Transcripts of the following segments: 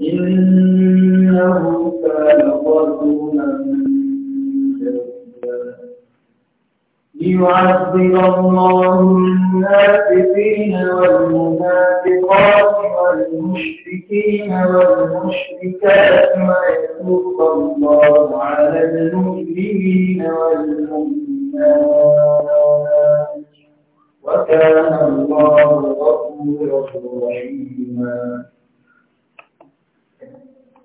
إنه كان ظلوما ليعذب الله المنافقين والمنافقات والمشركين والمشركات ويتوب الله على المؤمنين والمؤمنات وكان الله غفورا رحيما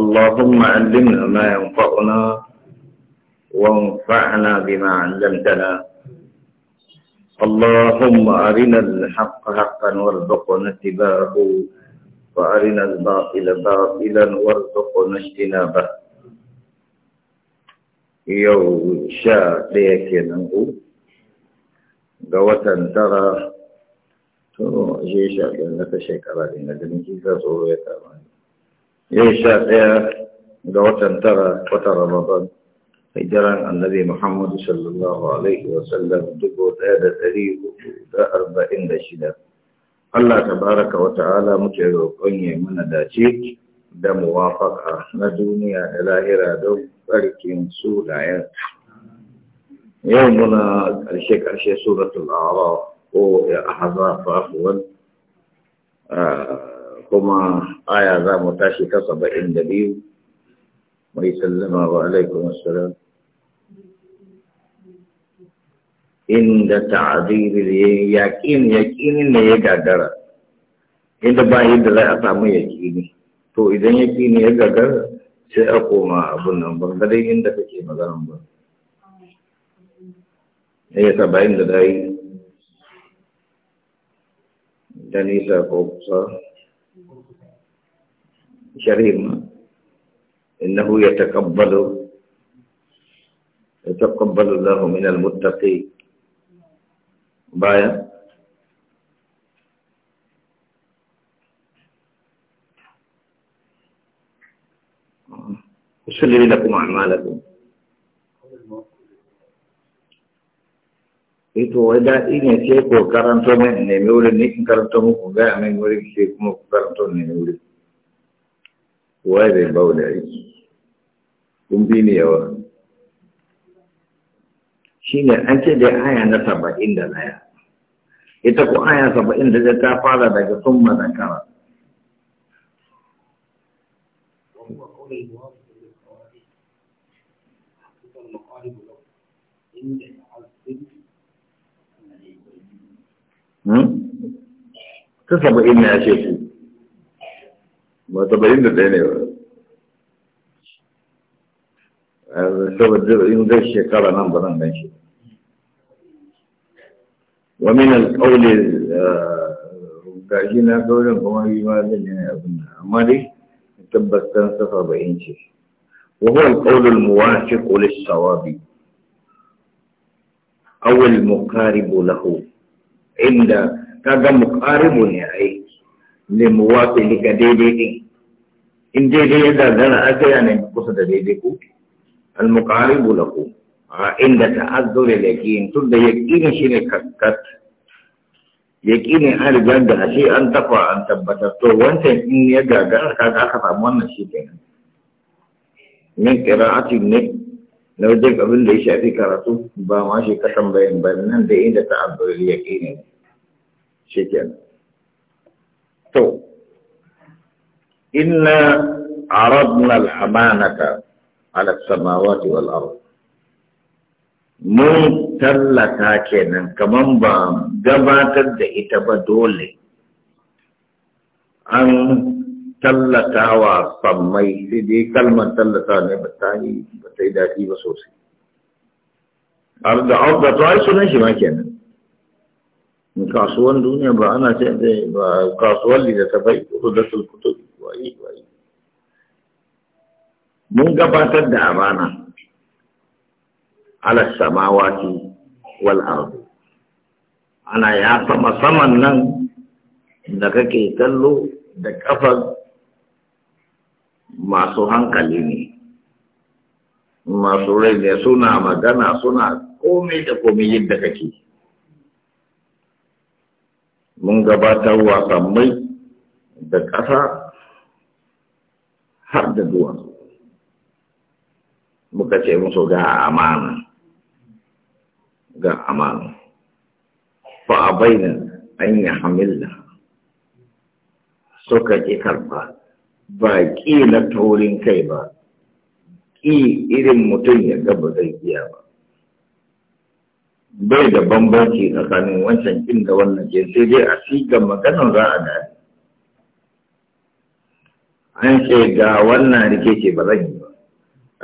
اللهم علمنا ما ينفعنا وانفعنا بما علمتنا اللهم أرنا الحق حقا وارزقنا اتباعه وأرنا الباطل باطلا وارزقنا اجتنابه يو شاء ليك kenan ku ترى watan جيشا to shi sha ɗaya na yau sha ɗaya ga watan tara watan ramadan hijiran annabi muhammadu sallallahu alaihi wasallam dubu ɗaya da ɗari hudu da arba'in da shida Allah ta wa ta'ala muke roƙon ya mana dace da muwafaka na duniya da lahira don tsarkin sunayen yau muna ƙarshe-ƙarshe suratul a'raf ko ya ahzab afwan ah, kuma aya za mu tashi ta saba'in da biyu mai sallama wa alaikun assalam inda ta'adiri yaƙin yaƙinin ne ya gagara inda ba yadda za a samu yaƙini to idan yaƙini ya gagara sai a koma abun nan ban ga dai inda kake magana ba ya eh, saba'in da dai da nisa ko kusa كريم إنه يتقبل يتقبل الله من المتقي بايا يسلم لكم أعمالكم itu ada ini cek sai ko karanto mai nemi wurin ni in karanto muku gaya min wurin sai kuma ku karanto nemi wurin waye bai ba da aiki kun bi ne yawa shi ne an ce da aya na saba'in da ɗaya ita ko aya saba'in da ta fara daga sun mazakara hmm? ta saba'in ya ce su إيه ومن القول الرجاجين آه، هذول هم ما بين ابن عمري تبت صفا بينشي وهو القول الموافق للصواب أو المقارب له عند كذا مقارب يعني لمواطن كديدين in daidai ya dangana a gaya ne kusa da daidai ku al bula ku a inda ta'azzuri da yakin tun da ne shi ne kakkat yakin an riga da ashe an tafa an tabbatar to wancan in ya gagara ga aka samu wannan shi kenan min cikin ne na wajen abin da ya shafi karatu ba ma shi ka tambayin ba nan da inda ta'azzuri yakin ne shi kenan to al amanata ala samawati wal والأرض mun tallata kenan kaman ba gabatar da ita ba dole an tallata wa sammai sai dai kalmar tallata ne ba ta yi ba ta yi daɗi ba sosai har da auka to ai sunan shi ma kenan kasuwan duniya ba ana ce ba kasuwan bai ko da sulkutu waye waye mun gabatar da amana ala samawati wal ardi ana ya sama saman nan da kake kallo da kafar masu hankali ne masu rai ne suna magana suna komai da komai yadda kake mun gabatar wasammai da ƙasa har da duwatsu muka ce musu ga amana ga amana fa a bainan an yi hamilla suka ƙi karba ba ƙi na taurin kai ba ƙi irin mutum ya gaba zai biya ba bai da bambanci tsakanin wancan kin da wannan ke sai dai a sigan maganar za a da an ce ga wannan rike ce ba zan yi ba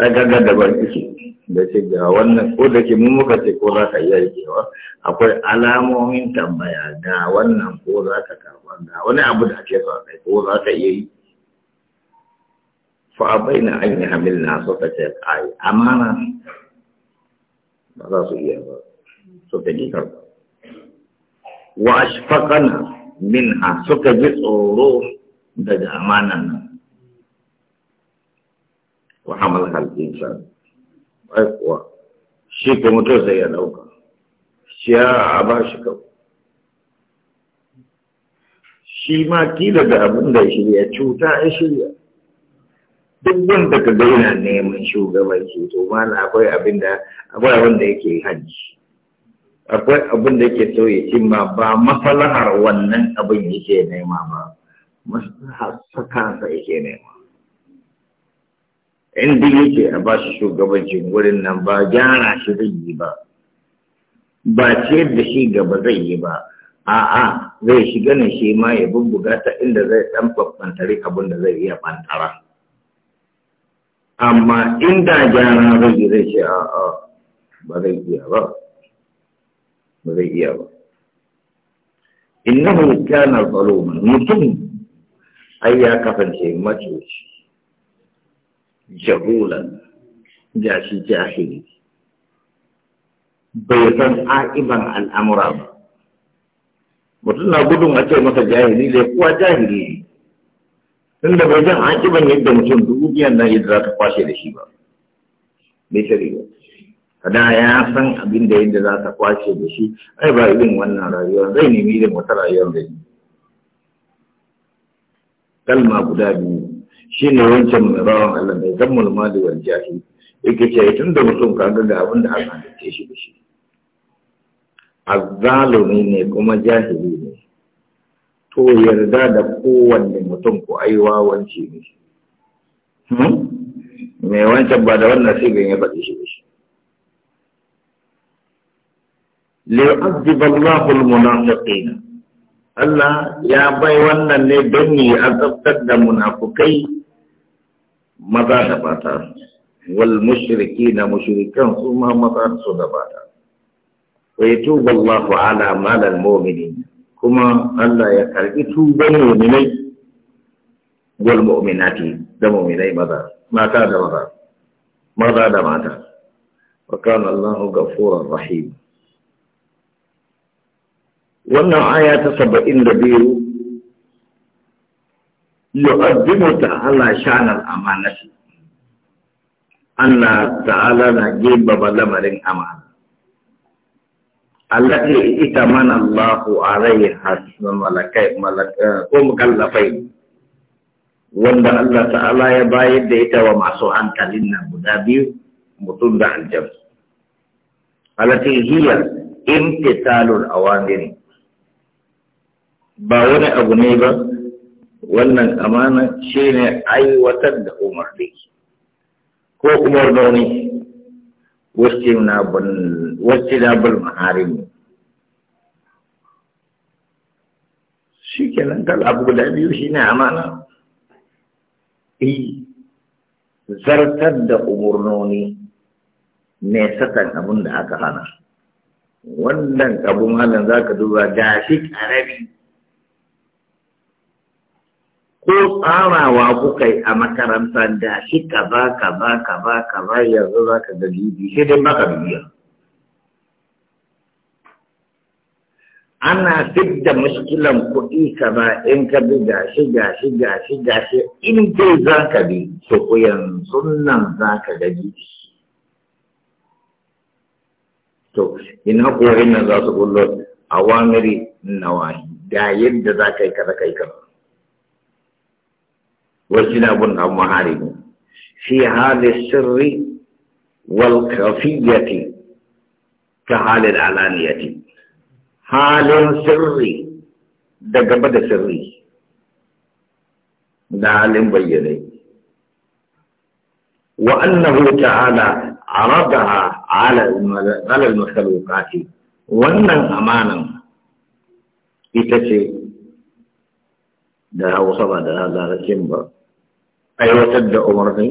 a gaga da ban rikici da ce ga wannan ko da ke mun muka ce ko za ka iya rikewa akwai alamomin tambaya ga wannan ko za ka karba ga wani abu da ake so kai ko za ka iya yi fa a an yi hamil na so ka ce amana ba za su iya ba suka ji karɓa wa ashfaqana minha suka ji tsoro daga amanan nan wa hamal sa. ai kuwa shi ke mutu sai ya ɗauka shi ya a ba shi shi ma kila da abin da shirya cuta ya shirya duk wanda ka ga yana neman shugabanci to ma akwai abin da akwai abin da yake hajji akwai abin da yake so ya ce ba masalahar wannan abin yake nema ba maslahar sakansa yake nema duk yake a ba shi shugabancin wurin nan ba gyara shi zai yi ba ba ciyar da shi gaba zai yi ba a'a zai shiga ne shi ma ya bubbuga ta inda zai dan fantare abin da zai iya fantara amma inda gyara zai yi zai ce a'a ba zai iya ba ba zai iya ba innahu kana zaluman mutum ai ya kasance macuci jahulan gashi jahili bai san a'iban al'amura ba mutum na gudun a ce masa jahili ne kuwa jahili ne tunda bai jan a'iban yadda mutum duniyan nan yadda za ta kwashe da shi ba bai shari'a kada ya san abin da yadda za ta kwace da shi ai ba irin wannan rayuwar zai nemi irin wata rayuwar da yi kalma guda biyu shi ne wancan mai rawan Allah mai zammul mali wal jahi yake ce tun da mutum ka ga abin da aka halitta shi da shi azzalumi ne kuma jahili ne to yarda da kowanne mutum ko aiwa wance ne mai hmm? wancan ba da wannan sigan ya faɗi shi da shi ليعذب الله المنافقين Allah ya bai wannan ne don yi azabtar da munafukai maza da mata wal mushriki na mushrikan su ma maza su da mata wa yatubu Allahu ala malal mu'minin kuma Allah ya karbi tuban mu'minai wal mu'minati da mu'minai maza mata da maza maza da mata wa kana Allahu ghafurur rahim wannan aya ta saba'in da biyu yu'azzimu ta'ala shanar amanati Allah ta'ala na gebaba lamarin amana allati ita mana Allahu alaiha malakai malakai ko mukallafai wanda Allah ta'ala ya bayar da ita wa masu hankalin nan guda biyu mutum da aljan allati hiya imtisalul awamiri ba wani abu ne ba wannan amana shi ne aiwatar da umarni ko wani wacce na bal maharin shi nan kala abu guda biyu shi ne amana zartar da umarnoni ne satan abin da aka hana wannan abu malam za ka duba gashi ƙarami ko tsarawa kuka yi a makaranta da shi kaza kaza kaza kaza yanzu za ka ga bibi sai dai ba ka bibiya ana fit da mashikilan kuɗi ba in ka bi gashi gashi gashi shi in kai za ka bi to yanzu nan za ka gaji. to ina korin nan za su kullo awamiri nawahi da yadda za ka yi kaza yi kaza وجناب أو محارم في حال السر والخفية كحال العلانية حال سري دقبة سري دعالم بيني وأنه تعالى عرضها على المخلوقات وأن أمانا ita ce da hausa ba da larabcin ba aiwatar da umarni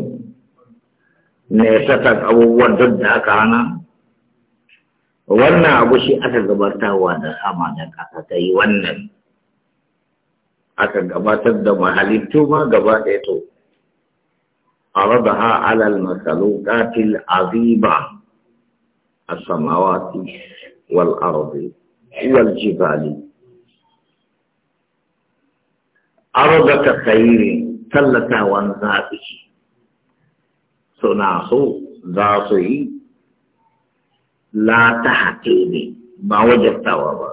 ne saka abubuwan duk da aka hana wannan abu shi aka gabatarwa da sama da ta yi wannan aka gabatar da mahalittu ma gaba ɗaya to عرضها على المخلوقات العظيمة السماوات والأرض ta sayi ne. tallatawan zaɓi suna so za su yi la ta ne ba wajabtawa ba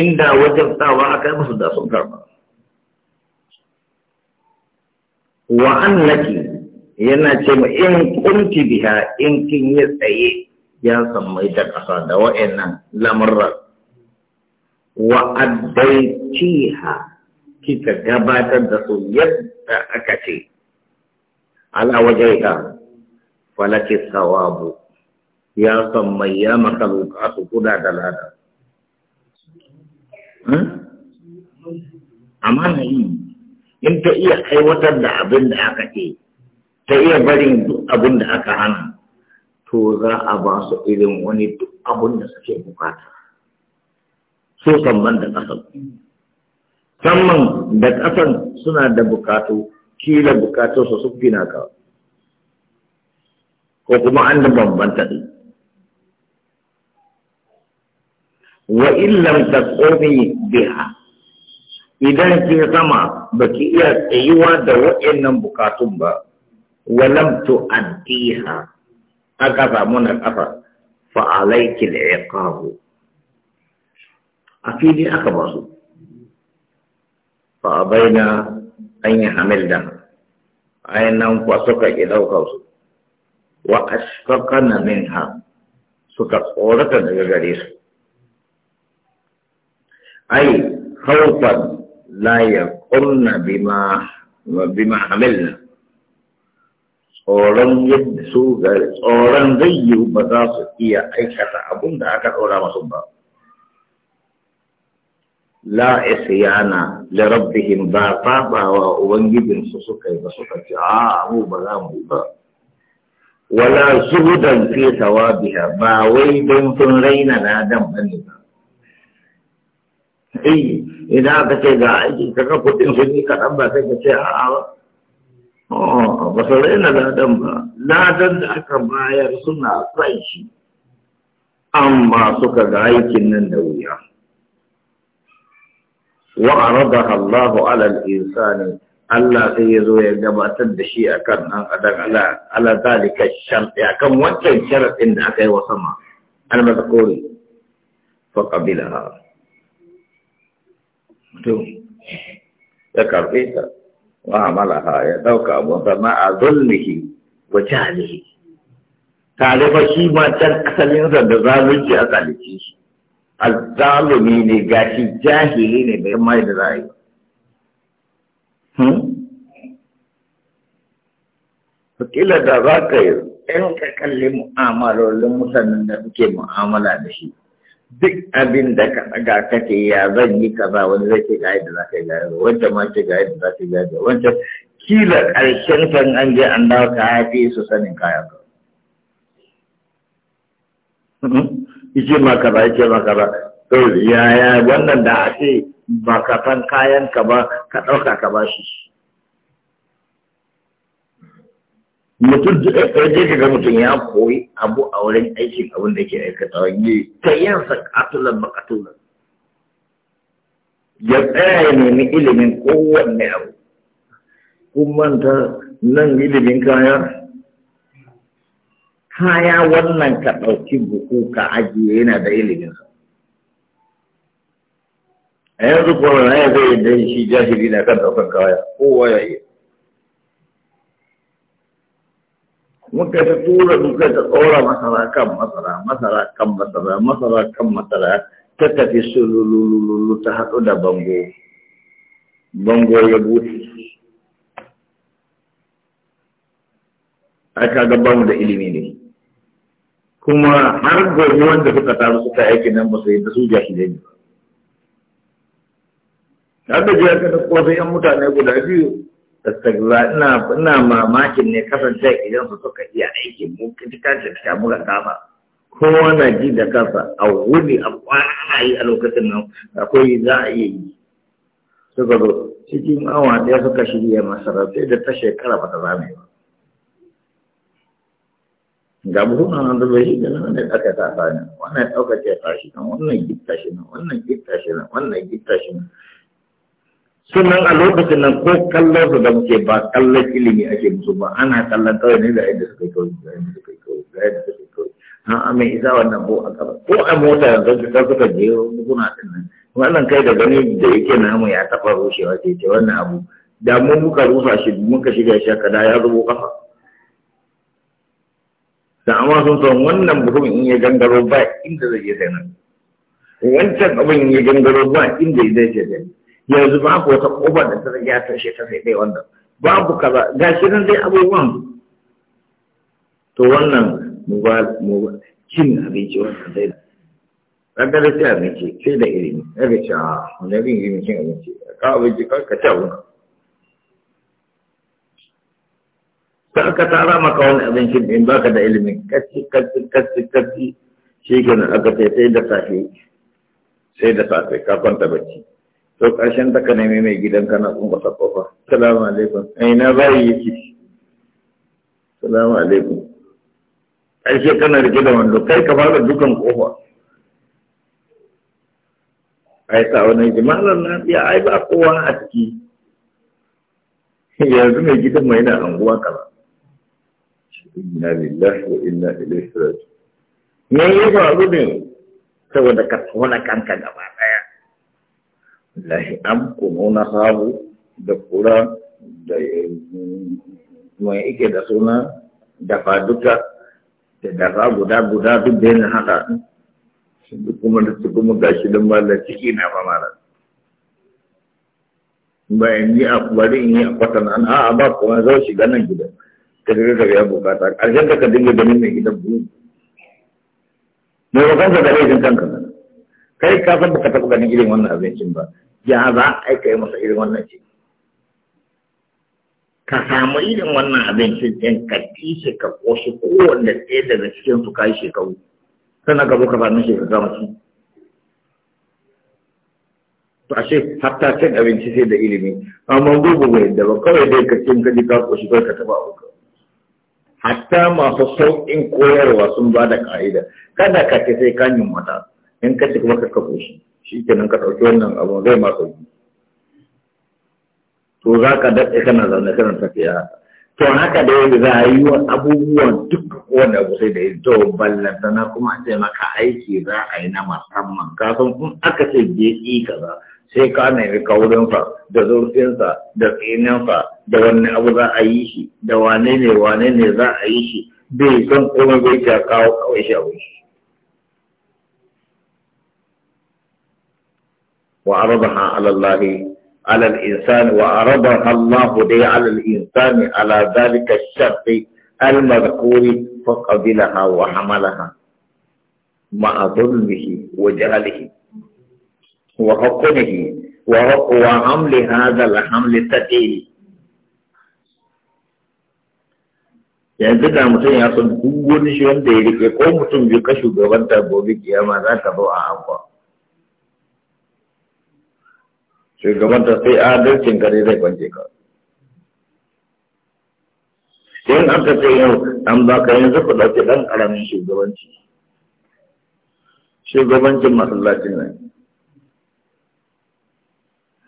inda wajabtawa aka yi masu da sun karba wa an laki yana ce ma in kunti biha in kin yi tsaye ya sammai ta ƙasa da wa'annan lamurra wa ciha kika gabatar da su yadda aka ce ala wajaiha falaki sawabu ya san mai ya maka su kuda da lada hmm? na yi in ta iya aiwatar da abin da aka ce ta iya barin duk abin da aka hana to za a ba su irin wani duk abin da suke bukata so san da kasar musamman da ƙasan suna da bukatu kila bukatu su sun fina ka ko kuma an da bambanta ne wa illam taqumi biha idan kin sama baki iya tsayuwa da waɗannan bukatun ba walam tu'addiha aka samu na kafa fa alaiki al-iqab a fili aka basu فأبينا أن يحملنا أين نعم، أنفسك إلى الخوص وأشفقنا منها ستقورة لغريس أي خوفا لا يقمن بما بما حملنا tsoron yadda su ga tsoron zai yiwu ba za su iya aikata abin la isyana li rabbihim ba saba wa ubangijin su suka yi ba suka ce a mu ba za mu yi ba wala zuhudan fi thawabiha ba wai don sun raina na dan bane ba eh idan aka ce ga aiki ka kudin su ni kaɗan ba sai ka ce a ba oh, ba su raina na dan ba dan da aka bayar suna kan shi amma suka ga aikin nan da wuya وعرضها الله على الإنسان الله سيزو يجب أن تدشي أكن أدن على على ذلك الشرط أكن وجه الشرط إن أكي وصمع أنا ما تقول فقبلها ذكر فيها وعملها يدوك مع فما وجهله تعرف شيء ما تنقسل يوزن بذلك أكاليكي azzalumi ne gashi jahili ne bai mai da za yi hmm? kila da za ka yi in ka kalli mu'amalolin mutanen da kuke mu'amala da shi duk abin da ka ɗaga kake ya zan yi kaza wani zai ce ga yadda za ka yi ga yadda wancan ma ce ga yadda za ka yi ga yadda wancan kila ƙarshen kan an je an dawo ka haifi su sanin kaya. ka. Hmm? ije maka ba ije maka ba to ya wannan da a ce ba ka san kayan ka ba ka ɗauka ka ba shi mutum je eh, eh, ka ga mutum ya koyi abu a wurin aikin abin da ke aikata yi ta yin sa katulan makatulan ya tsaya ya nemi ilimin kowanne abu kun manta nan ilimin kaya kaya wannan ka ɗauki buhu ka ajiye yana da ilimin sa a yanzu kuma na ya zai da shi jahili na kan ɗaukar kaya kowa ya yi muka ta tura muka ta tsora masara kan masara masara kan masara masara kan masara ta tafi sululululu ta haɗu da bango bango ya buɗe ai kaga bamu da ilimi ne kuma har gobe wanda suka taru suka aiki nan ba su yi da su jahilai ne ba da jiya ka ko sai yan mutane guda biyu tattagla ina ina mamakin ne kasance idan su suka iya aiki mu kitika kitika muka kama kowa na ji da kansa a wuni a kwana yi a lokacin nan akwai za a iya yi suka zo cikin awa ɗaya suka shirya masarar da ta shekara ba ta zame ba ga buhuna nan da bai da nan ne aka ta ta ne wannan dauka ce ta shi nan wannan gitta shi nan wannan gitta shi nan wannan gitta shi nan Sunan a lokacin nan ko kallon su da muke ba kallon ilimi ake musu ba ana kallon kawai ne da yadda suka yi kawai da yadda suka yi kawai da yadda suka yi kawai an amin isa wannan ko a kaba ko a mota yanzu ta suka je buhuna din nan wannan kai da gani da yake mu ya taɓa rushewa ce ce wannan abu da mun muka rusa shi muka shiga shi kada ya zubo kafa da amma sun san wannan buhun in ya gangaro ba inda zai je sai nan wancan abin in ya gangaro ba inda zai je sai yanzu ba ko ta koba da ta ya tashe ta sai dai wannan babu kaza gashi nan dai abubuwan to wannan mu ba mu cin abinci wannan dai kaga da sai abinci sai da irin ne ga cewa ah, wani abin ilimin cin abinci ka abinci ka ka ta wannan kar ka tara maka wani shi in baka da ilimin kaci kaci kaci kaci shi ke nan aka ce sai da safe sai da safe ka kwanta bacci to ƙarshen ta ka nemi mai gidan kana kun ba sakofa salamu alaikum ai na bayi yake salamu alaikum ƙarshe kana rike da wando kai ka fara dukan kofa ai sa wani jimalar na biya ai ba kowa a ciki yanzu mai gidan mai na anguwa kaza inna lillahi wa inna ilaihi raji'un me ba abu ne saboda ka tona kanka gaba daya lahi am kununa sabu da kura da mai ike da suna da faduka da dafa guda guda duk da yana haka shi duk kuma da su kuma gashi don malar ciki na ba mara. bayan yi a bari in yi a kwatana a a ba kuma zau shiga nan gidan ka ka ka dinga ka kai ka san baka irin wannan a masa irin wannan ce ka samu irin wannan abincin ɗin ka tishe ka ƙoshi kowanne ɗaya daga cikin su kai shekaru sannan ka zo ka shekaru gama su. to ashe hatta cin abinci sai da ilimi amma gugu bai yadda ba kawai dai ka cin ka ji ka kai ka taɓa hatta masu sauƙin koyarwa sun ba da ƙa'ida kada ka ce sai ka mata in ka ci kuma ka kafo shi shi nan ka ɗauki wannan abu zai ma sauƙi to za ka daɗe kana zaune kana tafiya to haka da yadda za a yi wa abubuwan duk wanda abu sai da yi to ballantana kuma a ce maka aiki za a yi na musamman kafin in aka ce je ƙi kaza sai ka nemi kaurinsa da zurfinsa da tsininsa da wani abu za a yi shi da wane ne wane ne za a yi shi bai san komai bai ta kawo kawai shi abu shi wa arabaha ala Allah Alal al-insan wa arabaha Allah dai ala al-insan ala zalika ash-shart al-madhkur fa qabilaha wa hamalaha ma'a dhulmihi wa jahlihi وحقنه وعمل هذا الحمل الثقيل yanzu da mutum ya san duk wani shi wanda ya rike ko mutum biyu ka shugabanta gobe kiyama za ta zo a hankwa shugabanta sai adalcin gare zai kwance ka sai an ka sai yau an ba ka yanzu ku ɗauke ɗan ƙaramin shugabanci shugabancin masallacin nan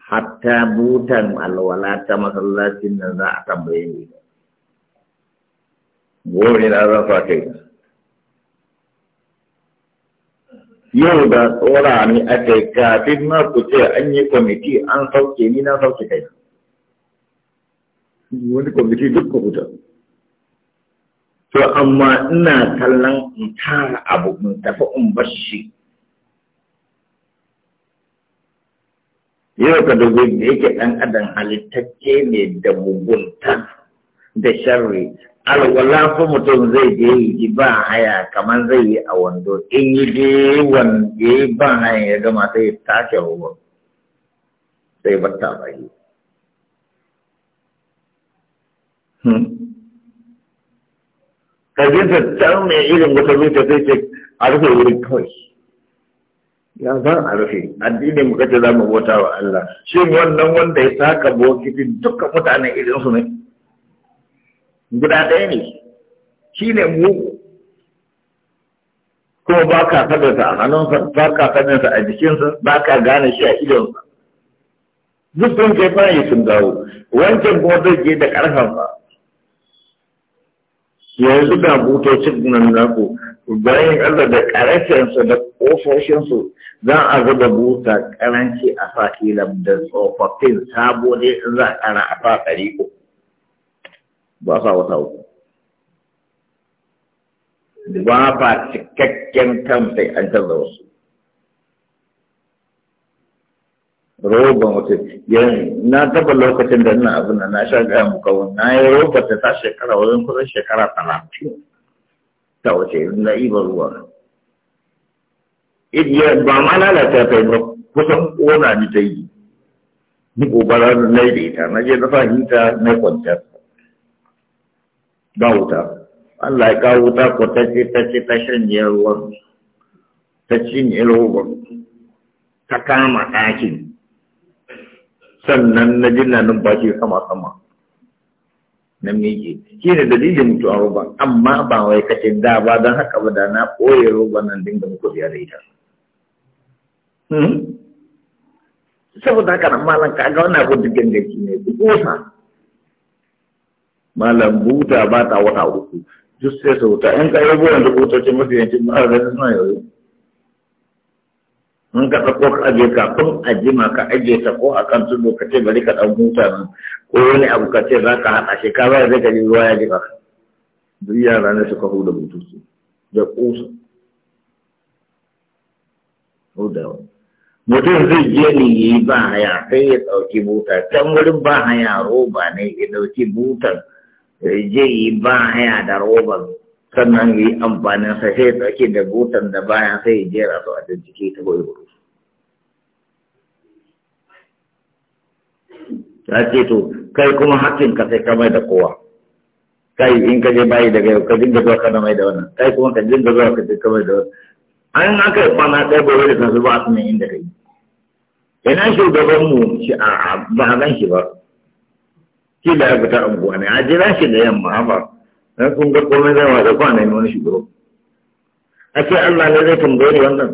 hatta butan alwala ta masallacin nan za a tambaye ni gobe na zan sa kai yau da tsora ni a kai kafin na ku ce an yi kwamiti an sauke ni na sauke kai wani kwamiti duk ka fita to amma ina kallon in tara abu in tafi in bashi yau ka da yake ɗan adam halittacce ne da mugunta da sharri alwala fa mutum zai je yi ji ba haya kamar zai yi a wando in yi je wanda ba haya ya gama sai ya tashi ruwan sai ta bai hmm. ka je ta tsarni irin wata zuciya sai ce a rufe wurin kawai ya za a rufe addini mu kace za mu bauta wa Allah shi wannan wanda ya saka bokiti dukkan mutanen irin su ne guda ɗaya ne shi ne mu kuma ba ka sadarsa a hannunsa ba ka sadarsa a jikinsa ba ka gane shi a idonsa duk sun kai fara yi sun dawo wancan kuma zai je da ƙarfansa yanzu ga butocin nan naku bayan Allah da karashensu da ƙofoshinsu za a zuba buta karanci a fa'ilam da tsofaffin sabo ne in za a kara a fa ɗari uku ba sa wata uku ba fa cikakken kamfe sai an canza wasu roba wata yanzu na taba lokacin da ina abin da na sha gaya muka na yi roba ta ta shekara wajen kusan shekara talatin ta na ibar ruwa idiya ba ma lalata ta yi ba kusan kona ni ta yi ni gobarar na yi da ita na je na fahimta na kwanta. ga wuta Allah ya kawo wuta ko ta ce ta ce ta shanye ruwan ta cinye roban ta kama ɗakin sannan na ji na numfashi sama sama namiji shi ne dalilin mutuwar roba amma ba wai kace da ba don haka ba da na ɓoye roba nan dinga muku biya da ita hmm? saboda haka nan malam ka ga wannan abin dukkan da shi ne ku kosa malam buta ba ta wata uku duk sai sauta in ka yi buwan da kotocin mafi yancin suna in ka sako ka aje kafin a jima ka aje ta ko a kan tudu ka ce bari ka ɗan huta ko wani abu ka ce za ka haɗa shi ka ba zai gari ruwa ya ba duk yara ne suka huda bututu da ƙusa mutum zai je ni ya yi ba haya sai ya ɗauki buta can wurin ba haya roba ne ya ɗauki butar ya je yi ba haya da roban sannan yi amfanin sa sai ɗauke da butan da bayan sai ya jera su a jiki ta goyi guru ta ce to kai kuma hakkin ka sai ka mai da kowa kai in ka je bayi daga yau ka dinga zuwa ka mai da wannan kai kuma ka dinga zuwa ka dinga mai da wannan an aka yi kwana ɗaya gobe da kansu ba a sunan inda kai ina mu, shi a ba a gan shi ba shi da ya fita unguwa ne a jira shi da yamma ba. Na kun ga komai zai wa da ba ne wani shugaba a ce Allah ne zai tambayi wannan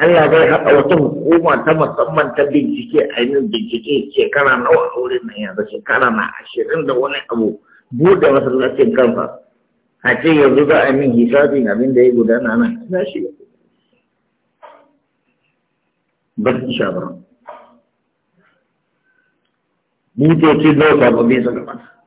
Allah zai haɗa wata hukuma ta musamman ta bincike a yin bincike shekara nawa a wurin nan yanzu shekara na ashirin da wani abu buɗe masallacin kansa a ce yanzu za a min hisabin abin da ya gudana nan na shi ba su sha ba. Butoci nawa bai su ba?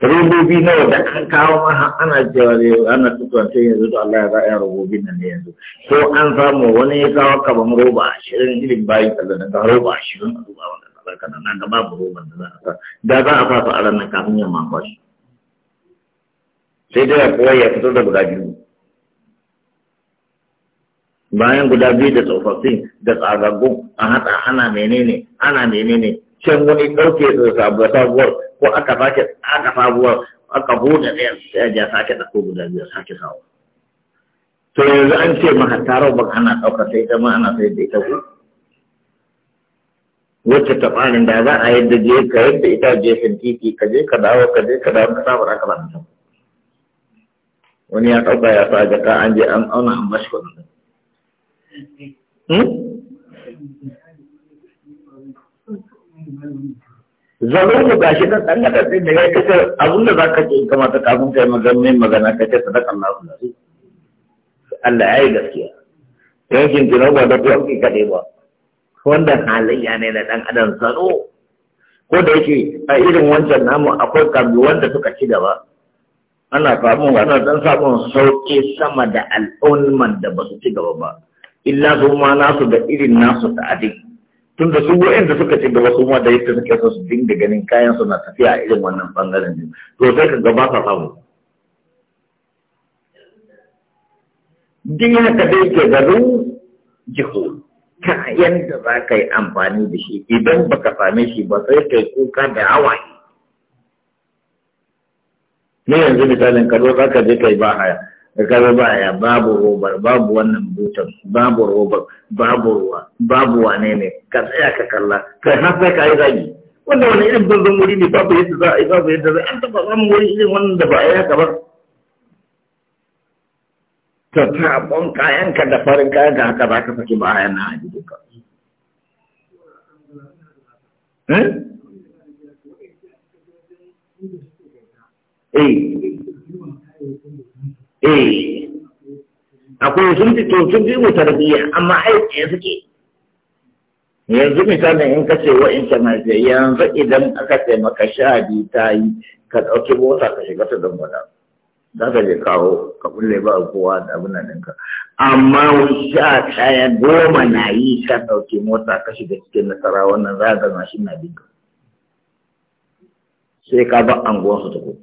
robobi nawa da an kawo maha ana cewa ana tutuwa sai yanzu to Allah ya ra'ayin robobin nan ne yanzu ko an samu wani ya kawo kaban roba ashirin irin bayi kalla na ga roba ashirin a duba wanda kalar kana na ga babu roban da za a sa da za a fasa a ranar kafin yamma kwashi sai dai kowa ya fito da guda biyu bayan guda biyu da tsofaffin da tsagaggun a haɗa ana menene ana menene can wani ɗauke da sabuwar ko aka sake aka sabuwar aka buɗe ɗaya sai ya sake ko guda biyar sake sawa to yanzu an ce maka taro baka ana ɗaukar sai ita ma ana sayar da ita ku wacce ta ɓarin da za a yadda je ka yadda ita jefin titi ka je ka dawo ka je ka dawo ka saba aka ba ta wani ya ɗauka ya sa jaka an je an auna an bashi kuɗin Hmm? zalo mu gashi nan dan da sai da ya kace abun da zaka ce ta kafin kai maganin magana kace sadaka na Allah ya yi gaskiya yankin kina ba da kuɗi kaɗai ba wanda halayya ne na dan adam tsaro ko da yake a irin wancan namu akwai kabi wanda suka ci gaba ana samun ana dan samun sauƙi sama da al'umman da ba su ci gaba ba illa su ma nasu da irin nasu adin. tun da su wa'inda suka ce gaba su ma da yadda suke so su dinga ganin kayan su na tafiya a irin wannan bangaren ne to sai ka gaba ka samu din haka dai ke garin jiho ta yadda za ka yi amfani da shi idan baka same shi ba sai kai kuka da hawaye ne yanzu misalin ka zo za ka je kai ba haya kaga baya babu robar babu wannan butan babu robar babu ruwa babu wane ne ka tsaya ka kalla kai har sai ka yi zagi Wannan wani irin banzan wuri ne babu yadda za a yi babu yadda za a an taba samun wuri irin wannan da ba a yi haka ba ta tabon kayanka da farin kayanka haka za ka saki bayan na haji duka eh, eh. Ee, eh, akwai sun fi to sun fi tarbiyya amma aiki ya suke yanzu misali in ka ce wa'in sanarfe yanzu idan aka ce maka sha biyu ta yi ka ɗauki mota ka shiga ta don gwada za ka je kawo ka kulle ba kowa da abin nan ɗinka amma sha ɗaya goma na yi ka ɗauki mota ka shiga cikin nasara wannan za ka mashin na dinka sai ka ba ta tukuru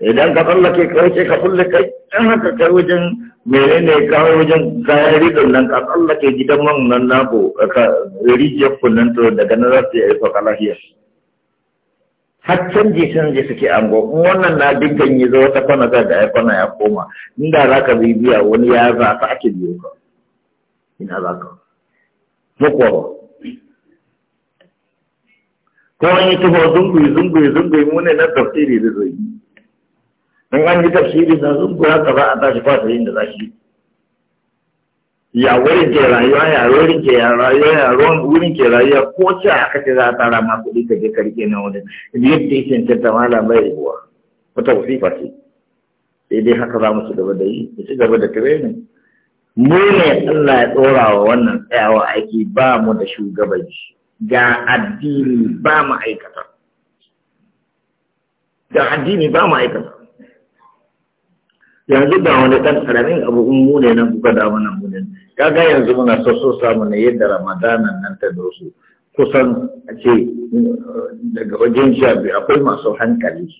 idan ka tsallake ka wuce ka kulle kai ɗan haka kai wajen menene kawai wajen kayan ridon nan ka tsallake gidan man nan naku ka rijiyar kunnen to daga nan za su yi aiko kalahiyar har canji canji suke ango wannan na dukkan yi zo wata kwana da ya kwana ya koma inda za ka bibiya wani ya za ka ake biyo ka ina za ka mukwaro ko an yi tuho zunguyi zunguyi zunguyi mu ne na tafsiri da zai in an yi tafsiri na zungu haka ba a tashi fata yin da za shi ya wurin ke rayuwa ya wurin ke rayuwa ya wurin ke rayuwa ko ce aka ce za a tara ma kuɗi ka je ka rike na wurin yadda cin ta malam mai ruwa wata wasifa ce sai dai haka za mu ci gaba da yi mu ci gaba da training mu ne Allah ya tsora wa wannan tsayawa aiki ba mu da shugabanci ga addini ba aikata ga addini ba aikata yanzu ga wani ɗan ƙaramin abu in mu ne nan kuka da mana mu ne kaga yanzu muna so so samu ne yadda ramadanan nan ta dosu kusan a ce daga wajen sha biyu akwai masu hankali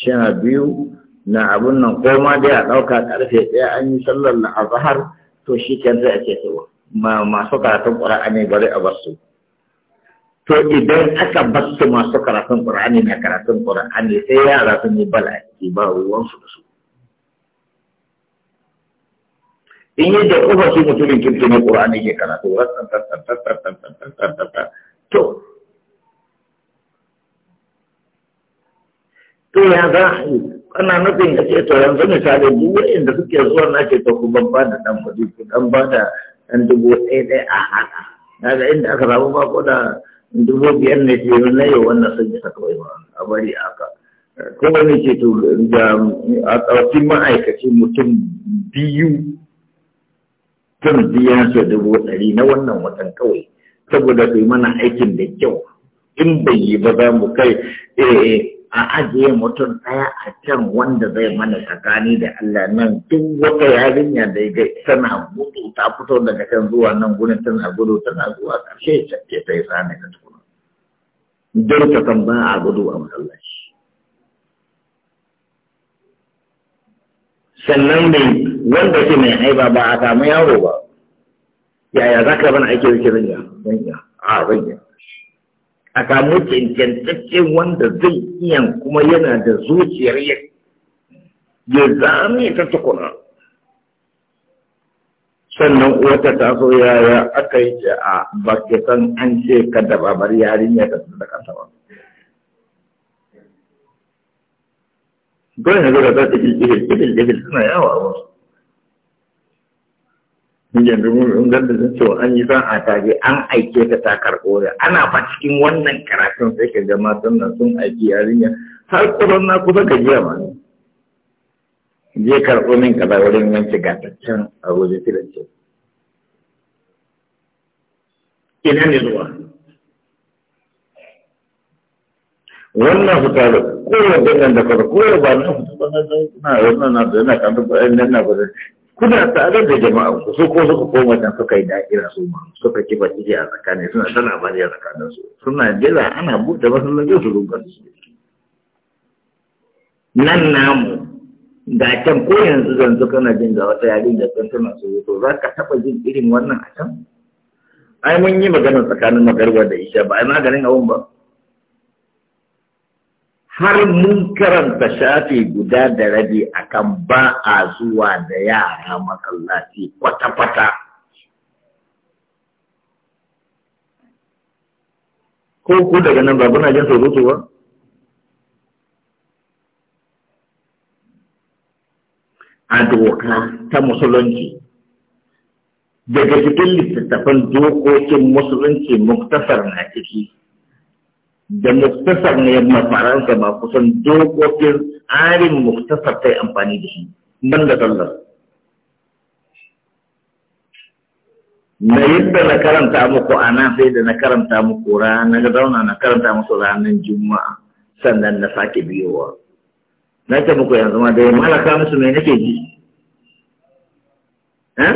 sha biyu na abun nan ko ma dai a ɗauka ƙarfe ɗaya an yi sallar na azahar to shi kyan zai a tsawo masu karatun ƙura'a ne bari a basu to idan aka basu masu karatun ƙura'a ne na karatun ƙura'a ne sai yara sun yi bala'i ke ba ruwansu da su in yi da kofa shi mutumin kirkini ƙura'ani ke karatu to to ya za a yi ana nufin da ce to yanzu misali duk inda suke zuwa na ce to ku babba da ɗan kuɗi ku ɗan ba da ɗan dubu ɗaya ɗaya a haɗa daga inda aka samu ba ko da dubu biyar ne ce na yau wannan sun yi ta kawai ba a bari a haka. kuma ne ce to da a ɗauki ma'aikaci mutum biyu kan biya su dubu ɗari na wannan watan kawai saboda su yi mana aikin da kyau in bai yi ba za mu kai eh, eh, a ajiye mutum ɗaya a can wanda zai mana tsakani da Allah nan tun wata yarinya da ya tana gudu ta fito daga kan zuwa nan gudun tana gudu tana zuwa ƙarshe ta yi ne ka tukuna don san ba a gudu a masallaci sannan mai wanda ke mai haiba ba a samu yaro ba yaya za ka bana ake wuce zanya zanya a zanya a samu cancantaccen wanda zai iya kuma yana da zuciyar ya ya zame ta tukuna sannan wata ta yaya aka yi ce a ba an ce kada babar yarinya ta da kasa ba dole na zura za ta ji jihil jihil jihil suna yawa a wasu yanzu mun ganda sun cewa an yi sa'a ta je an aike ta ta karɓo da ana ba cikin wannan karatun sai ka gama sannan sun aiki yarinya har tsoron na kusa jiya ma ne je karɓo min kaza wurin yanke gataccen a wajen ce ina ne zuwa wannan fita da kowa da nan da kwada kowa ba na fita ba na na wannan na da na kan da nan na gwada kuna tare da jama'a ku su ko suka koma can suka yi da'ira su ma suka kifa ciki a tsakani suna ta labari a tsakanin su suna jira ana buɗe masallaci su ruga su nan namu da can ko yanzu zanzu kana jin ga wata yarin da kan tana su to za ka taɓa jin irin wannan a can ai mun yi magana tsakanin magarba da isha ba ai maganin abun ba har mun karanta shafi guda da rabi akan ba a zuwa da yara masallaci kwata-kwata. Ko ku daga nan babu na jin surutu ba? A doka ta musulunci. Daga cikin littattafan dokokin musulunci muktasar na ciki. da muktasar ne mafaransa ba kusan dokokin tsarin muktasar ta yi amfani da shi ban da sallar na yadda na karanta muku a nan sai da na karanta muku ranar zauna na karanta muku ranar juma'a sannan na sake biyowa na ce muku yanzu ma da ya malaka musu mai nake ji eh?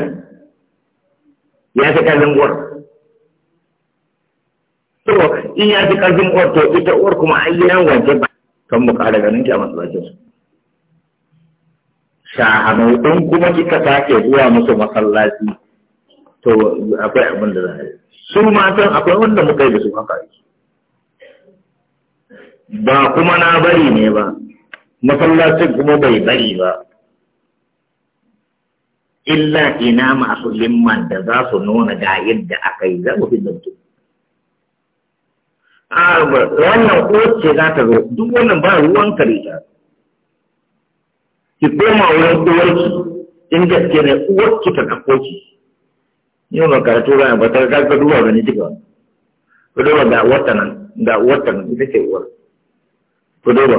ya fi kalin gwar in ya fi ƙarfin uwar to ita uwar kuma an yi yan wajen ba kan mu ƙara ganin ki a wajen su shahamai in kuma kika sake zuwa musu masallaci to akwai abin da za a yi su matan akwai wanda muka yi da su haka yi ba kuma na bari ne ba masallacin kuma bai bari ba illa ina masu limman da za su nuna ga yadda aka yi za mu fi zantu a wannan ce za ta zo duk wannan ba ruwan kare ta ki koma wurin uwarki in gaske ne uwarki ta kafo ki yau na karatu rana ba ta ga duba gani duka ku duba ga wata nan ga wata nan ita ce uwar ku duba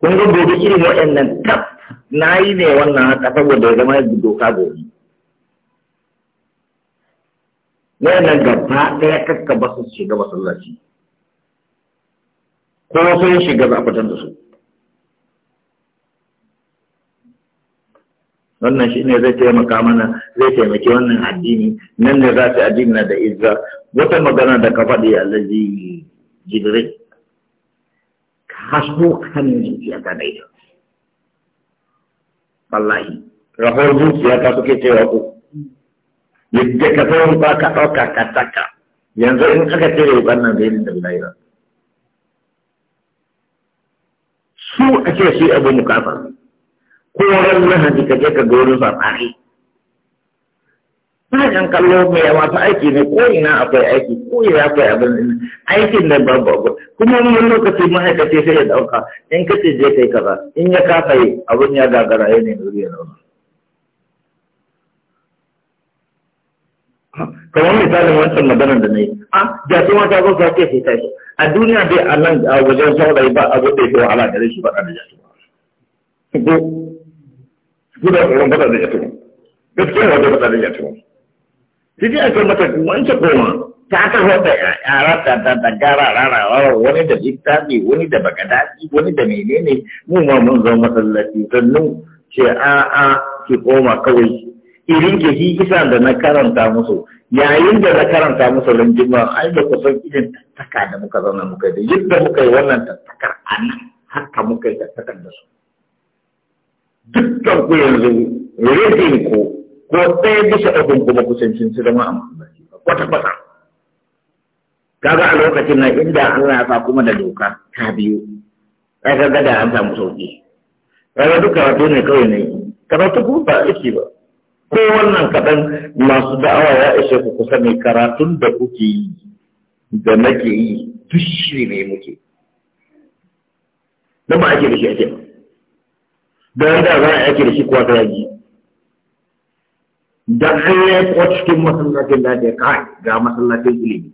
kun ga gobe irin waɗannan tab na yi ne wannan haka saboda ya zama doka gobe nan gaba ɗaya kakka ba su shiga masallaci ko sun shiga za a fitar da su wannan shi ne zai taimaka mana zai taimaki wannan addini nan ne za su addini na da izza wata magana da ka faɗi a lazi jibirai kaso so kan zuciya ta daidai wallahi rahon zuciya ta suke cewa ku yadda ka sauran ba ka ɗauka ka taka yanzu in aka cire wannan zai da laira su ake shi abu mukafa ko ran lahadi ka je ka ga wani safari ba kan kallo mai masu aiki ne ko ina akwai aiki ko ina akwai abin aikin da ba ba kuma wani lokaci ma'aikaci sai ya ɗauka in ka ce je kai kaza in ya kafa yi abin ya gagara yanayin ne wuri ya zauna kamar misalin wancan maganar da na yi ah, a jasi mata zo ta ce sai ta shi a duniya dai a nan a wajen saurayi ba a zo da ya wahala da shi ba da jasu ba ko da tsoron fada da jasi ba gaskiya wajen fada da jasi ba sai dai a kan mata wancan koma ta taho da yara ta ta da gara rarawa wani da littafi wani da bagadaɗi wani da menene mu ma mun zama masallaci sannu ce a a ki koma kawai irin ke shi da na karanta musu yayin da na karanta musu lanjima ai da kusan irin tattaka da muka zauna muka da yadda muka yi wannan tattakar a nan haka muka yi tattakar da su dukkan ku yanzu rufin ku ko ɗaya bisa ukun kuma kusancin ku su zama a masallaci ba kwata kwata kaga a lokacin nan inda Allah ya sa kuma da doka ta biyu ai kaga da an samu sauki kaga duka wato ne kawai ne karatu ku ba yake ba ko wannan kaɗan masu da'awa ya ishe ku kusa mai karatun da kuke yi da nake yi dushi ne muke da ba ake da shi ake ba da yadda za a ake da shi kuwa ta yi da hanyar yi cikin masallacin da ke kai ga masallacin ilimi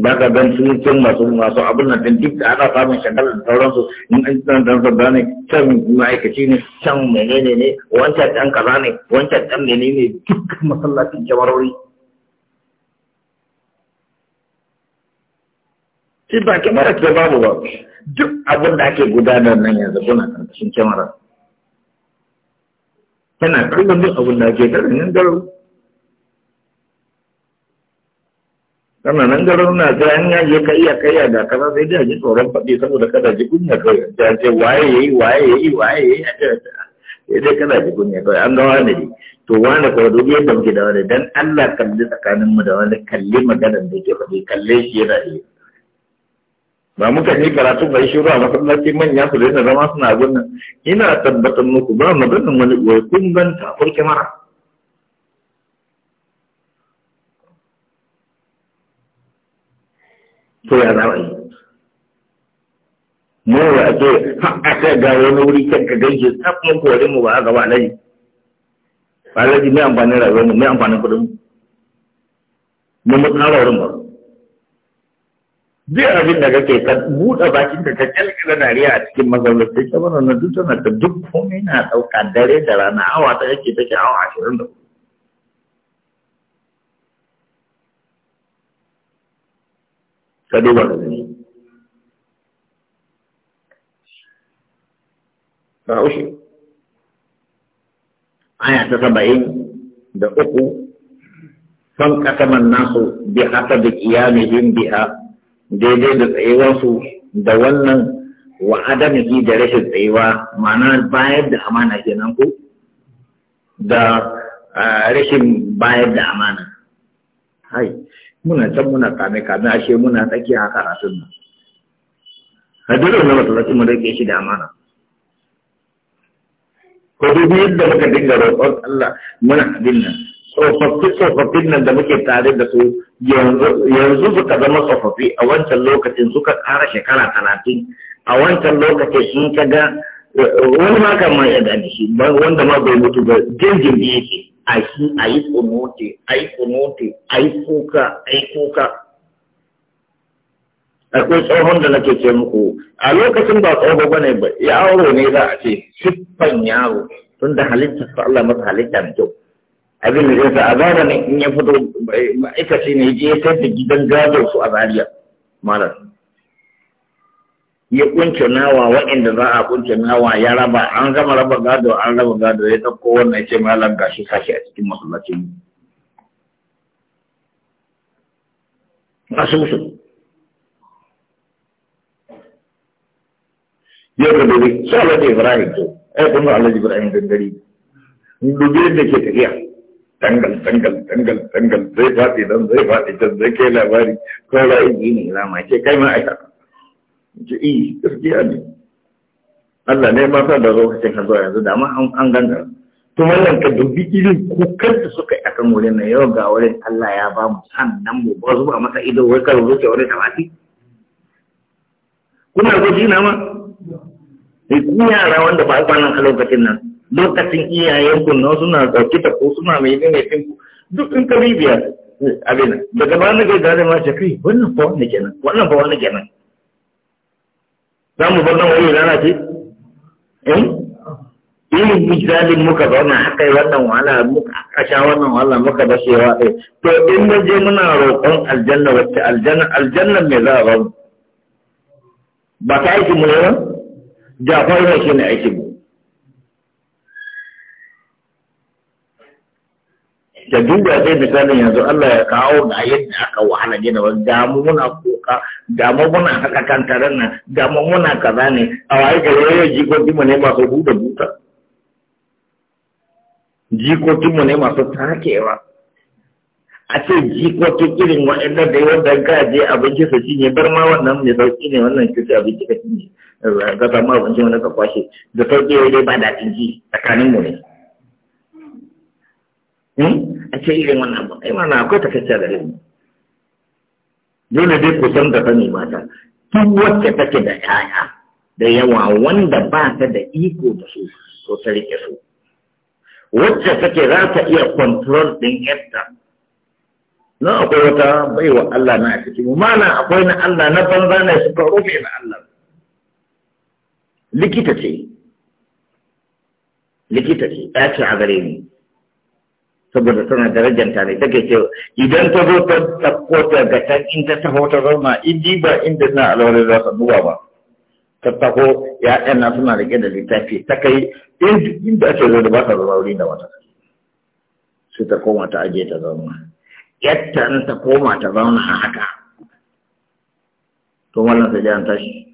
ba ka gan cinikin masu masu abin nan din duk da ana samun shagal da sauransu in an tsan dan sabba ne can ma'aikaci ne can menene ne wancan dan kaza ne wancan dan menene duk masallacin jawarori shi ba mara ke babu ba duk abin da ake gudanar nan yanzu kuna karkashin kyamara tana kallon duk abin da ake karkashin garau kana nan garin na ga an ya je ka iya kai da kaza sai dai ji tsoron faɗi saboda kada ji kunya kai ya ce waye yayi waye yayi waye yayi a ce sai dai kada ji kunya kai an ga wani ne to wani ko duk yadda muke da wani dan Allah kalli tsakanin mu da wani kalli maganar da yake faɗi kalle shi yana yi ba muka yi karatu bai shiru a masallaci manya su da zama suna gunnan ina tabbatar muku ba maganar wani goyi kun ganta furke mara to ya za a yi mu ya ake aka ga wani wuri kan ka ganke tsaf mun kore mu ba a ba alaji alaji mai amfanin rayuwar mu mai amfanin kudin mu mu tsara wurin ba zai abin da kake ka buɗe bakin ka ka kyalkyala dariya a cikin masallaci kamar na duk tana da duk komai na ɗauka dare da rana awa ta yake take awa ashirin da hudu ka duba ka gani Aya ta saba'in da uku, son kasaman nasu bi hasa da bin biha daidai da tsayuwarsu da wannan wa da rashin tsayuwa ma'ana bayar da amana kenan ku da ah, rashin bayar da amana. muna can muna kame kame ashe muna tsakiya a sun nan hadiru na wani matsalaci mu rage shi da amana ko dubi yadda muka dinga roƙon Allah muna abin nan tsofaffi tsofaffin nan da muke tare da su yanzu suka zama tsofaffi a wancan lokacin suka ƙara shekara talatin a wancan lokacin sun ta ga wani ma kan ma ya shi wanda ma bai mutu ba jinjin yake a shi a yi kunuti a yi kunuti a yi kuka a yi kuka akwai tsohon da nake ce muku a lokacin ba tsoho bane ba yaro ne za a ce siffan yaro tun da halitta su Allah masa halitta mai kyau abin da zai sa a zara ne in ya fito ma'aikaci ne je sai da gidan gado su a zariya malam ya kunce nawa waɗanda za a kunce nawa ya raba an gama raba gado an raba gado ya ɗauko wannan ya ce malam gashi sashi a cikin masallacin asusu yau da dubi sai alhaji ibrahim to ai eh, kuma alhaji ibrahim dare dubi da ke tafiya tangal tangal tangal tangal zai faɗi dan zai faɗi can zai kai labari ko ra'ayi ne ilama ce kai ma aikata ji gaskiya ne Allah ne ma sa da lokacin har zuwa yanzu da ma an ganga to wannan ka dubi irin kukan da suka yi akan wurin na yau ga wurin Allah ya ba mu sannan mu ba zuwa masa ido wai kar wurin ta tabati kuna so shi na ma ne eh, ku yara wanda ba kwanan a lokacin nan lokacin iyayen ku na suna dauke ta ko suna mai ne mai tinku duk in ka bibiya eh, abin daga ba na ga gane ma shafi kai wannan fa wannan kenan wannan fa wannan kenan za mu bar nan wani lalace eh? irin misalin muka zauna haka yi wannan wahala muka kasha wannan wahala muka ba shi ɗaya to in na je muna roƙon aljanna wacce aljanna aljanna me za a ba ba ta aiki mu ne ba jafar ne shi ne aiki mu da duba zai misalin yanzu Allah ya kawo da yadda aka wahala gina wa damu muna koka damu muna haka kan taron nan damu muna kaza ne a waye gare ya jikokin mu ne masu buɗe buta jikokin mu ne masu takewa a ce jikokin irin waɗannan da yawan da gaje abinci su shi ne bar ma wannan mai sauki ne wannan kisa abinci ka shi ne ga samu abinci wani ka kwashe da sauki ya dai ba da ji tsakanin mu ne. Hmm? a ce irin wannan ba ai mana akwai takaicce da ilimi dole dai ku san da sani mata duk wacce take da 'ya'ya da yawa wanda ba ta da iko da su to ta rike su wacce take za ta iya control din yadda na akwai wata baiwa Allah na a cikin mana akwai na Allah na banza ne ka rufe na Allah likita ce likita ce ya ce a gare ni saboda tana darajanta ne take cewa idan ta zo ta tsakko ta ga can in ta taho ta zauna idi ba inda na alwalar za su duba ba ta taho ya'yan na suna rike da littafi ta kai inda ake zo da ba ta zama wuri da wata sai ta koma ta aje ta zauna yadda in ta koma ta zauna a haka to wannan sai an tashi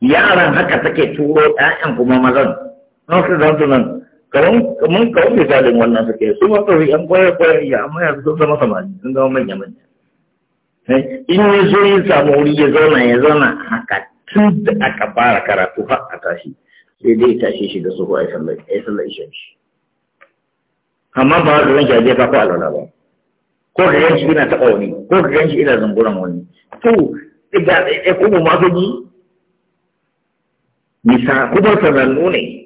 yaran haka take turo 'ya'yan kuma mazan nan su zan nan kaman kawai misalin wannan suke su ma kawai yan kwaya kwaya ya amma ya sun zama samari sun zama manya manya eh, in ya zo ya samu wuri ya zauna ya zauna haka tun da aka fara karatu har a tashi sai dai tashi shi da suhu a yi sallar ishan shi amma ba wanda zan jaje ka ko alwala ba ko ka gan ina taɓa wani ko ka gan ina zunguran wani to da ɗaya kuma ma ka ji misa kuma sanannu ne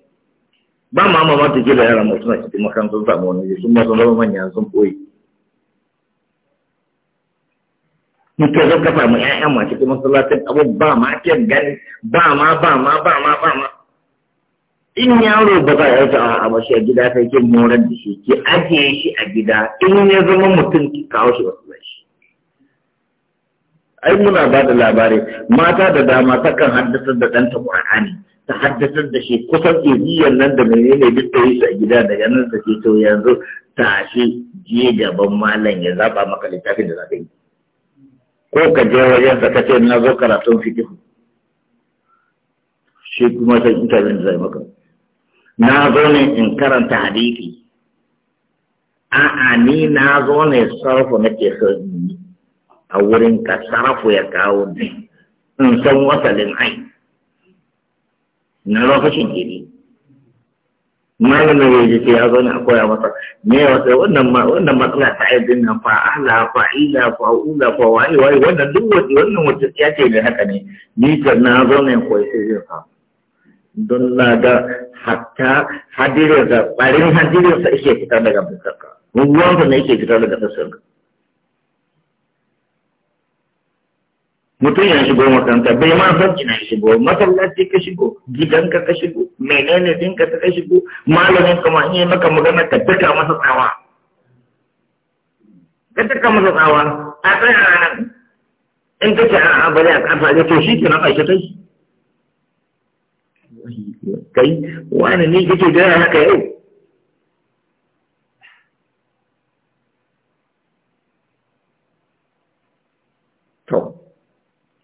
ba ma ke da yara mu suna cikin makarantar samu wani sun masu zama manya sun koyi muke zan kafa mu ƴaƴan ma cikin masallacin abu ba ma ke gani ba ma ba ma ba ma ba ma in yaro ba za a yarda a mashi a gida sai ke morar da shi ke ajiye shi a gida in ya zama mutum ki kawo shi wasu shi ai muna ba da labari mata da dama takan haddasa da ɗanta ƙur'ani ta haddasar da shi kusan kimiyyar nan da ne duk da yi a gida daga nan ta ke to yanzu shi je gaban malam ya zaba maka littafin da za ka yi ko ka je wajen sa ka ce na zo karatun fikihu shi kuma sai mutanen da maka na zo ne in karanta hadisi a'a ni na zo ne sarrafa nake so a wurin ka sarrafa ya kawo in san wasalin ai na lokacin gini malamin ya ce ya zo ne a koya masa me ya wata wannan matsala ta aibin nan fa ahla fa ila fa ula fa waye waye wannan duk wani wannan wata ya ce ne haka ne ni ta na zo ne koyi sai zai fa don na ga hatta hadirin sa barin hadirin sa yake fitar daga fuskarka ruwan sa ne yake fitar daga fuskarka mutum ya shigo makaranta bai ma san ina shigo masallaci ka shigo gidanka ka shigo menene dinka ta ka shigo malamin ka ma iya maka magana ka daka masa tsawa ka daka masa tsawa a tsaya a nan in ka ce a a bari a kafa ne to shi kenan aisha ta kai wani ne kake gaya haka yau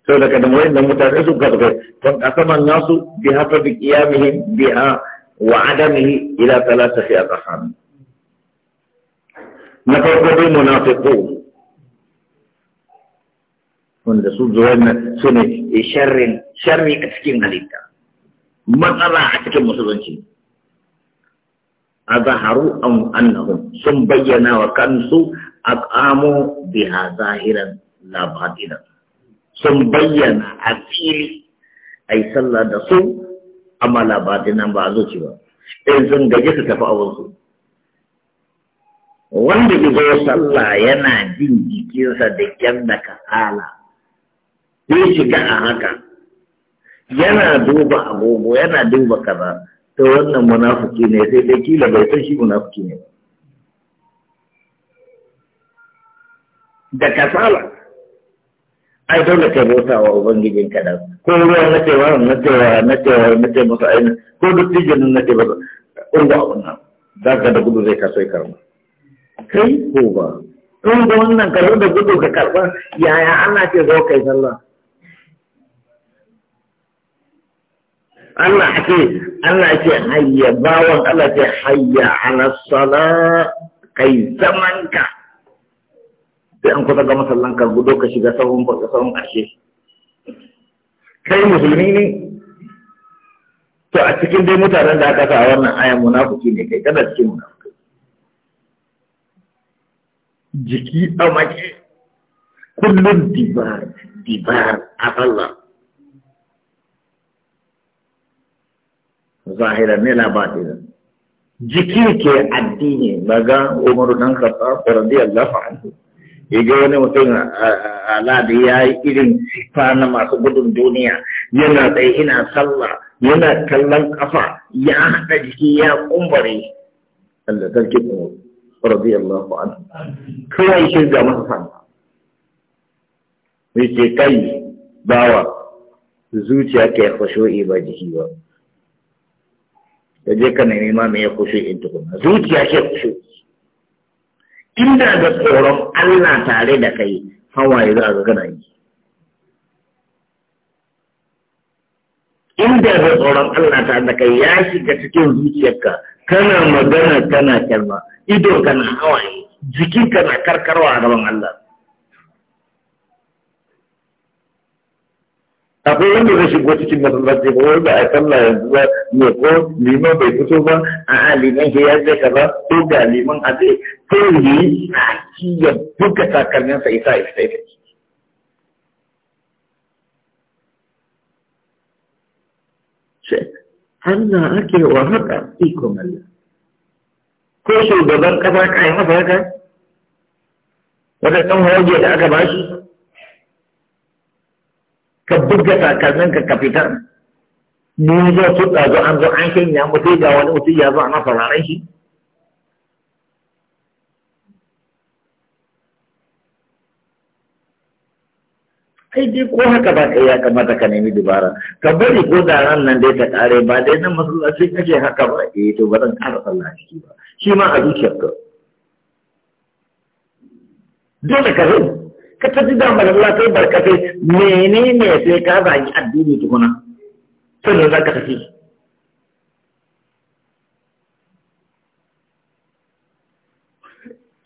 sau da kada da mutane su ka kai tun kasaman nasu bi haka bi qiyamihim biha wa adamihi ila thalathati aqsam na farko dai munafiqun wanda su zuwan su ne sharrin sharri a cikin halitta matsala a cikin musulunci A أظهروا أم أنهم ثم بينا وكنسوا أقاموا بها ظاهرا zahiran باطنا sun bayyana a fili a yi sallah da su amma labarin nan ba a zuci ba in eh, sun gaji su tafi su. wanda zo sallah yana jin jikinsa da kyan da kasala ya shiga a haka yana duba agogo yana duba kaza to wannan munafuki ne sai dai kila bai san shi munafuki ne da kasala ai dole kai bauta wa ubangijin ka dan ko ruwa na cewa na wa na cewa na ce masa aina ko duk tijin na ce masa ungo abun nan za ka da gudu zai kaso ya karma kai ko ba in ga wannan ka da gudu ka karba yaya ana ce zo kai sallah Allah ce Allah ake hayya bawan Allah ce hayya ala sala kai zaman ka sai an kusa ga masallan ka gudo ka shiga sahun farko sahun ƙarshe kai musulmi ne to a cikin dai mutanen da aka sa a wannan ayan munafuki ne kai kana cikin munafuki jiki a maƙe kullum dibar dibar a sallah zahiran ne labarin jiki ke addini daga umaru dan khattab radiyallahu anhu ya ga wani mutum aladi ya yi irin sifa na masu gudun duniya yana tsaye ina sallah yana kallon kafa ya haɗa jiki ya kumbare Allah sarki mu radiyallahu an. kawai shi ga masa sallah mai ce kai bawa zuciya ka ya khushu'i ba jiki ba ka je ka nemi ma me ya khushu'i tukuna zuciya ke khushu'i inda da tsoron Allah tare da kai hawaye za ka gana yi inda da tsoron Allah tare da kai ya shiga cikin zuciyarka kana magana kana kyalma ido kana hawaye jikinka na karkarwa a gaban Allah akwai wanda zai shigo cikin masallaci ba wanda a sallah yanzu ba ne ko liman bai fito ba a liman ke yadda ka ba ko ga liman a zai ko yi tsaki ya buga takalmin sa isa isa ita ce na ake wa haka iko Allah ko shugaban kasa kai masa haka wata ɗan waje da aka bashi ka buga takalmin ka ka fitar mu zo su zo an zo an ta yi ga wani mutum ya zo ana sauraron shi sai dai ko haka ba ka ya kamata ka nemi dubara ka bari ko da ran nan dai ta kare ba dai nan masallaci kake haka ba eh to ba zan kara sallah ciki ba shi ma a ka dole ka zai ka ta ji damar Allah kai barkatai menene sai ka zagi addini tukuna sannan za ka tafi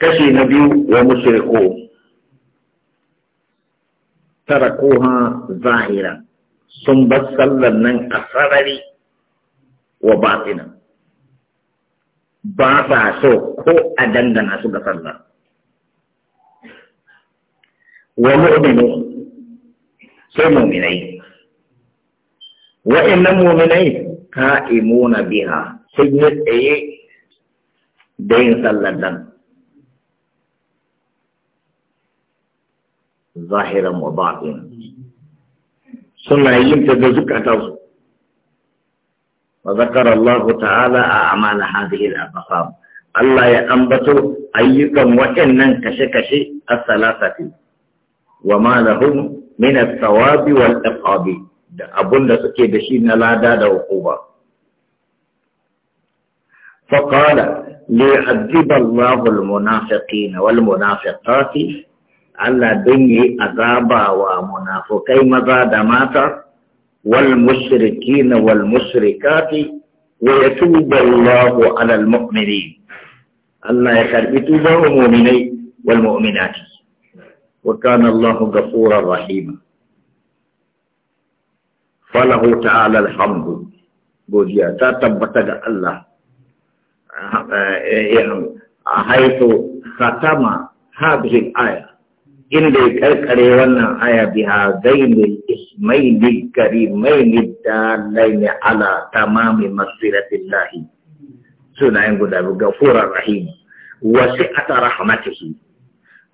kashi na biyu wa mushriku tarakuha zahira sun bar sallar nan a sarari wa batina ba sa so ko a dangana su ga sallar ومؤمنو سي مؤمني وإن مؤمني قائمون بها سيدنا أي دين صلى ظاهرا وباطنا سنة يمتى بزكاة وذكر الله تعالى أعمال هذه الأقصاب الله يأنبت أيكم وإنن كشكش الثلاثة lahum min لهم من wal iqabi da abun da suke da shi na lada da hukuma qala li adhib Allahu al munafiqin wal munafiqati Allah don yi azaba wa munafiqai maza da mata wal mushrikin wal mushrikati wa yatubu Allahu ala al-mu'minin Allah ya karbi tuba wa mu'minai wal mu'minati وكان الله غفورا رحيما فله تعالى الحمد godiya ta الله حيث ختم هذه الآية إن ذكر wannan آية بهذين الاسمين الكريمين الدالين على تمام مسيرة الله سنة يقول غفور وسعة رحمته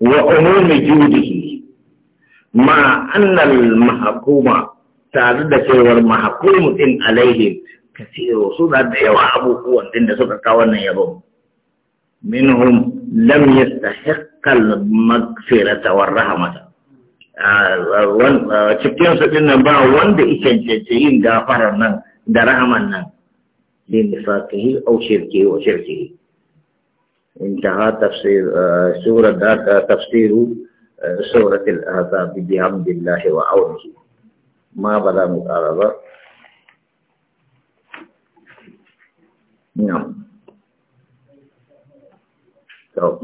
wa umumi judi ma annal mahkuma tare da cewar mahkumu ɗin alaihi kaseyo su da yawa abu kuwan suka kawo wannan yabo minhum lam yastahiqqa al maghfira wa rahma a cikin su ba wanda yake cancanci yin gafaran nan da rahman nan din da fakihi aw shirki aw shirki انتهى تفسير آه، سورة آه، تفسير آه، سورة الأحزاب بحمد الله وعونه ما بلا مقاربة نعم طب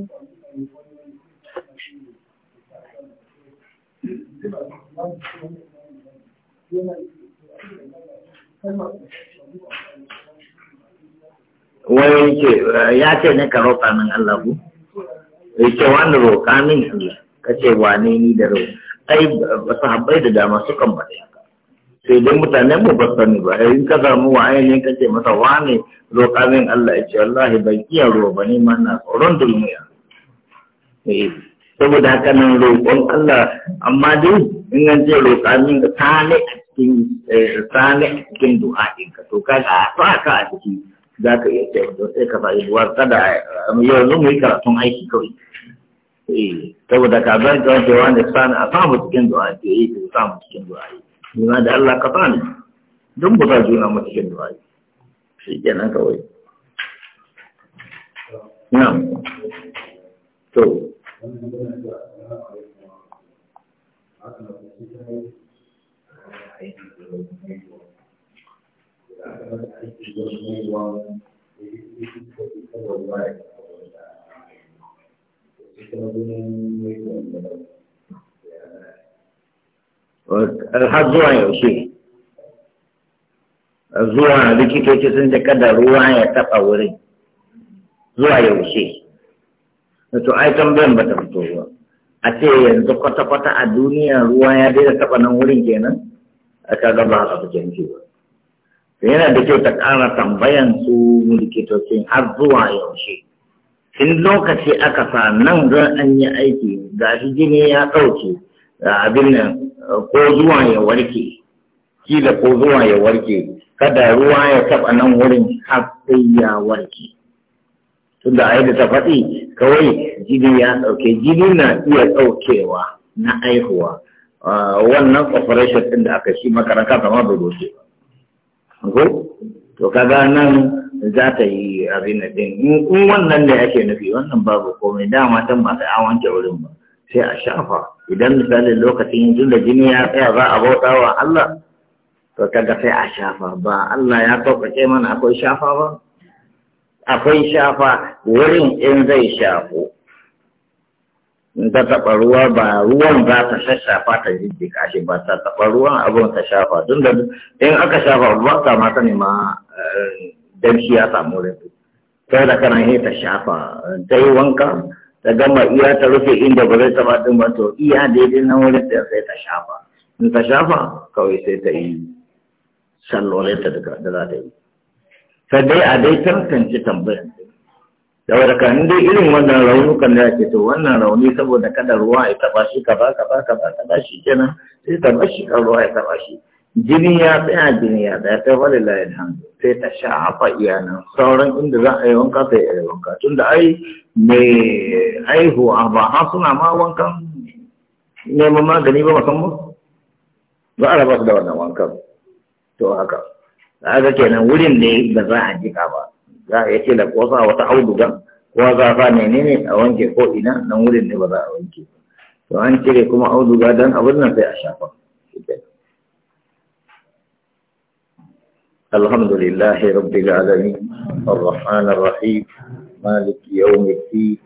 Thank you. wai ce ya ce ne ka roƙa min Allah ku ya ce wani roƙa min Allah ka ce wane ni da roƙa ai sahabbai da dama su kan bata yaka sai dai mutane mu ba sani ba in ka samu waye ne ka ce masa wane roƙa min Allah ya ce ya bai iya roƙa ba ni ma na tsoron dulmiya eh saboda haka nan roƙon Allah amma dai in an ce roƙa min ka sale a cikin eh, sale a cikin du'a'in ka to kaga a ka a cikin za ka iya ce don sai ka faɗi duwar kada yau mu yi karatun aiki kawai eh, saboda ka zan ka ce wani sani a samu cikin du'a ke yi to samu cikin du'a nuna da Allah ka sani don ba za juna mu cikin du'a shi kenan kawai na'am to wannan da zuwa yaushe zuwa likitoci sun da kada ruwa ya taɓa wurin zuwa yaushe na to ai tambayan ba ta fito ba a ce yanzu kwata-kwata a duniya ruwa ya daina taba nan wurin kenan a kaga ba a fi canji ba yana da kyau ta kara tambayan su likitocin har zuwa yaushe in lokaci aka sa nan zan an yi aiki ga shi jini ya ɗauke da abin nan ko zuwa ya warke kila ko zuwa ya warke kada ruwa ya taba nan wurin har sai ya warke tunda ai da ta faɗi kawai jini ya ɗauke jini na iya ɗaukewa na aihuwa ah, wannan operation ɗin da aka shi makaranta kama bai goce ba ko to kaga nan za ta yi abin din in wannan da ake nufi wannan babu komai dama tan ba sai an wanke wurin ba sai a shafa idan misali lokacin yanzu da jini ya tsaya za a bauta wa Allah to kaga sai a shafa ba Allah ya sauƙaƙe mana akwai shafa ba akwai shafa wurin in zai shafo ta taɓa ruwa ba ruwan za ta shashafa ta jijjiga shi ba ta taɓa ruwan abin ta shafa tun da in aka shafa ba ta mata ne ma eh, shi ya samu rufe sai da kanan he ta shafa ta yi wanka ta gama iya ta rufe inda ba zai taɓa ɗin ba to iya daidai na wurin da sai ta shafa in ta shafa kawai sai ta yi sallolai ta da za ta yi Ka dai a dai tantance tambayar saboda ka in dai irin wannan raunukan da ake to wannan rauni saboda kada ruwa ya taba shi ka ba ka ba, shi kenan sai ba shi kan ruwa ya taba shi jini ya tsaya jini ya tsaya ta wani layin hannu sai ta shafa iyanan sauran inda za a yi wanka sai a yi wanka tun da ai mai haihuwa ba ha suna ma wankan neman magani ba musamman Ba a raba su da wannan wankan to haka haka kenan wurin ne da za a jika ba za a yake da ko wata auduga ko za a ne a wanke ko ina nan wurin ne ba za a wanke to an cire kuma auduga dan abin nan sai a shafa الحمد لله رب العالمين الرحمن مالك يوم الدين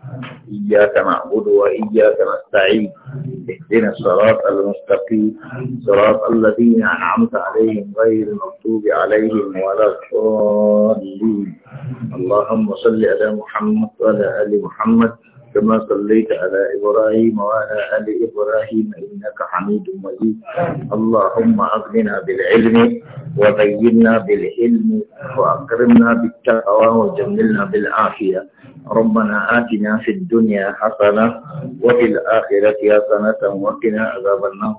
إياك نعبد وإياك نستعين اهدنا الصراط المستقيم صراط الذين أنعمت عليهم غير المغضوب عليهم ولا الضالين اللهم صل على محمد وعلى آل محمد كما صليت على إبراهيم وعلى آل إبراهيم إنك حميد مجيد اللهم أغننا بالعلم وبينا بالعلم وأكرمنا بالتقوى وجملنا بالعافية ربنا آتنا في الدنيا حسنة وفي الآخرة حسنة وقنا عذاب النار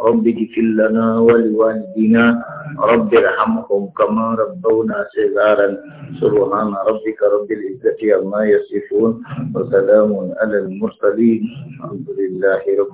رب اغفر لنا ولوالدينا رب ارحمهم كما ربونا صغارا سبحان ربك رب العزة عما يصفون وسلام على المرسلين الحمد لله رب